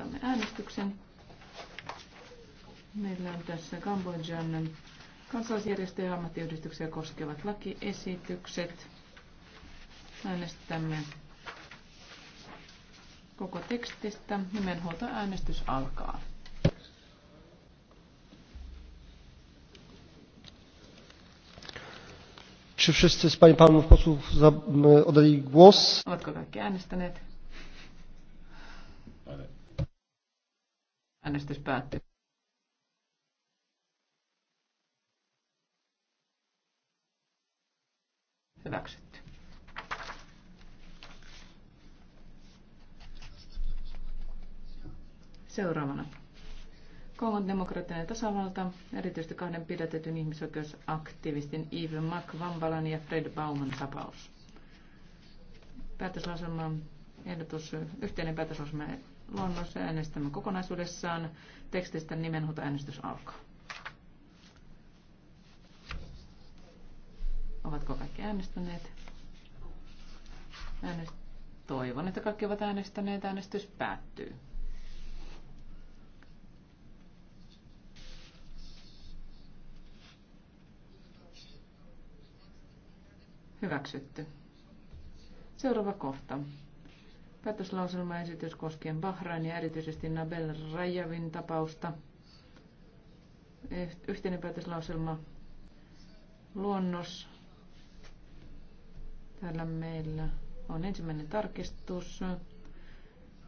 aloitamme äänestyksen. Meillä on tässä Kambodjan kansalaisjärjestöjä ja ammattiyhdistyksiä koskevat lakiesitykset. Äänestämme koko tekstistä. Nimenhuolto äänestys alkaa. Czy wszyscy z Pań Panów posłów e, oddali głos? Ovatko kaikki äänestäneet? Äänestys päättyy. Hyväksytty. Seuraavana. Kongon demokraattinen tasavalta, erityisesti kahden pidätetyn ihmisoikeusaktivistin Yves Mac Vambalan ja Fred Bauman tapaus. Päätöslaselma ehdotus yhteinen päätösosma luonnossa äänestämme kokonaisuudessaan. Tekstistä nimenhuuta äänestys alkaa. Ovatko kaikki äänestäneet? Äänest... Toivon, että kaikki ovat äänestäneet. Äänestys päättyy. Hyväksytty. Seuraava kohta. Päätöslauselmaesitys koskien Bahrain ja erityisesti Nabel Rajavin tapausta. Eh, yhteinen päätöslauselma luonnos. Täällä meillä on ensimmäinen tarkistus.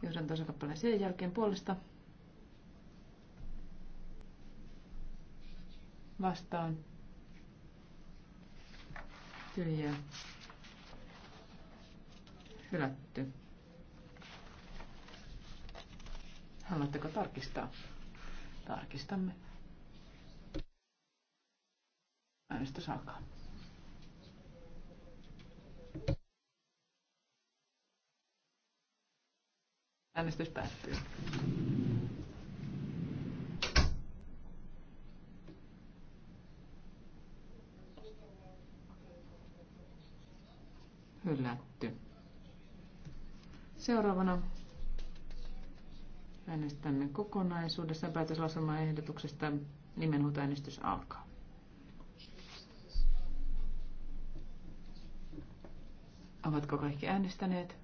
Johdan tasakappaleen sen jälkeen puolesta. Vastaan. Tyhjää. Hylätty. Haluatteko tarkistaa? Tarkistamme. Äänestys alkaa. Äänestys päättyy. Hylätty. Seuraavana Äänestämme kokonaisuudessaan päätöslauselmaehdotuksesta. Nimenhuutoäänestys alkaa. Ovatko kaikki äänestäneet?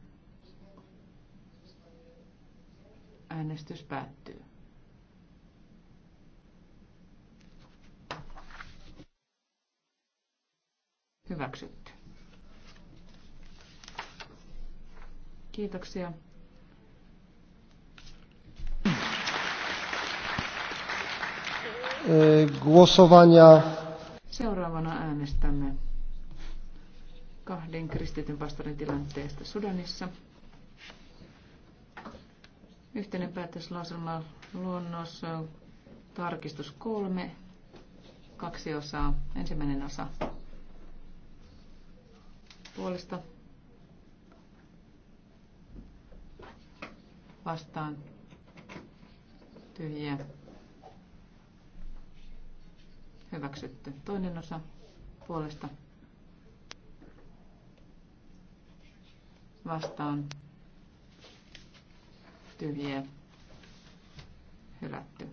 Äänestys päättyy. Hyväksytty. Kiitoksia. głosowania. Seuraavana äänestämme kahden kristityn pastorin tilanteesta Sudanissa. Yhteinen päätöslauselma luonnos tarkistus kolme, kaksi osaa. Ensimmäinen osa puolesta vastaan tyhjiä Hyväksytty. Toinen osa puolesta vastaan tyhjiä hylätty.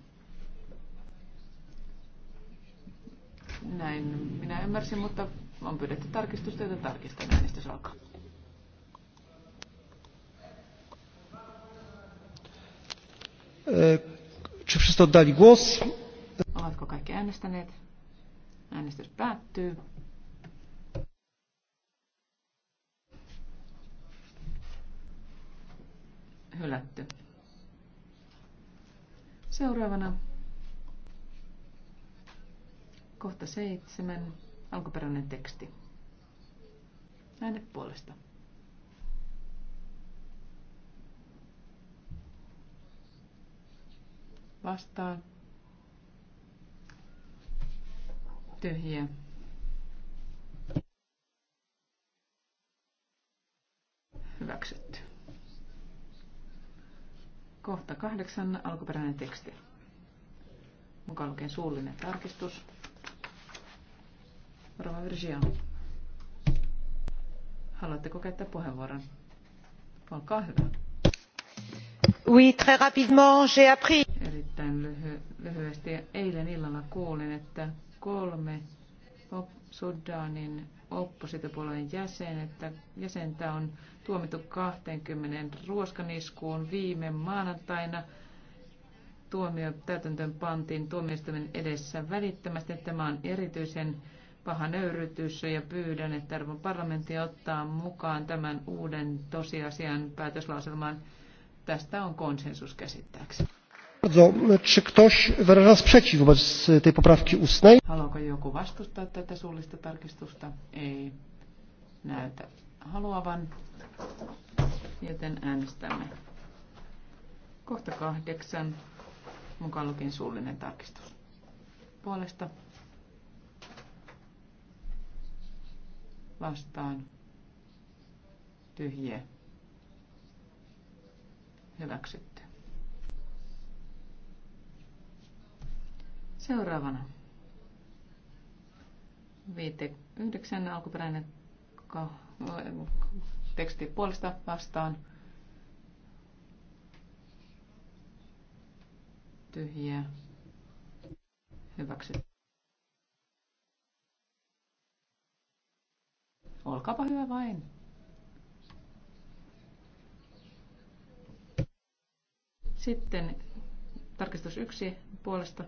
Näin minä ymmärsin, mutta on pyydetty tarkistusta, joten tarkistan äänestys alkaa. E, czy wszyscy oddali głos? Oletko kaikki äänestäneet? Äänestys päättyy. Hylätty. Seuraavana kohta seitsemän, alkuperäinen teksti. Äänet puolesta. Vastaan. tyhjiä. Hyväksytty. Kohta kahdeksan, alkuperäinen teksti. Mukaan lukien suullinen tarkistus. Rova Virgia. Haluatteko käyttää puheenvuoron? Olkaa hyvä. Oui, très rapidement, j'ai appris. Erittäin lyhy- lyhyesti. Eilen illalla kuulin, että kolme Sudanin oppositiopuolueen että jäsentä on tuomittu 20 ruoskaniskuun viime maanantaina. Tuomio täytäntöön pantiin tuomioistuimen edessä välittömästi. Tämä on erityisen paha nöyrytys ja pyydän, että arvon parlamentti ottaa mukaan tämän uuden tosiasian päätöslauselman. Tästä on konsensus käsittääkseni. Czy ktoś wyraża sprzeciw wobec tej poprawki ustnej? Haluaako joku vastustaa tätä suullista tarkistusta? Ei näytä haluavan, joten äänestämme. Kohta kahdeksan, mukaan lukien suullinen tarkistus. Puolesta vastaan Tyhjä. hyväksytty. Seuraavana. Viite yhdeksän alkuperäinen teksti puolesta vastaan. Tyhjiä. Hyväksyt. Olkaapa hyvä vain. Sitten tarkistus yksi puolesta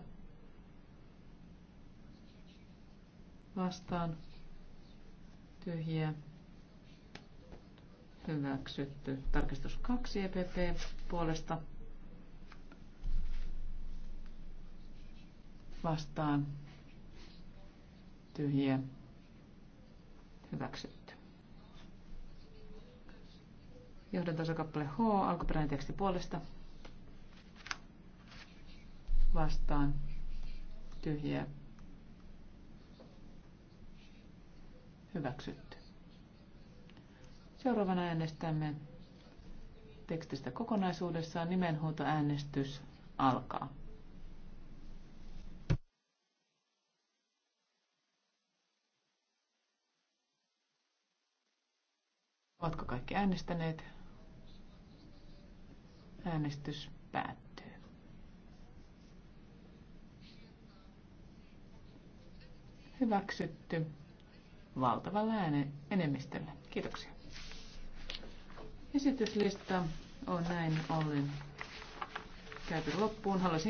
vastaan tyhjiä hyväksytty. Tarkistus 2 EPP puolesta vastaan tyhjiä hyväksytty. Johdantosakappale H, alkuperäinen teksti puolesta vastaan tyhjiä Hyväksytty. Seuraavana äänestämme tekstistä kokonaisuudessaan. Nimenhuutoäänestys alkaa. Ovatko kaikki äänestäneet? Äänestys päättyy. Hyväksytty valtavalla äänen enemmistöllä. Kiitoksia. Esityslista on näin ollen käyty loppuun. Haluaisin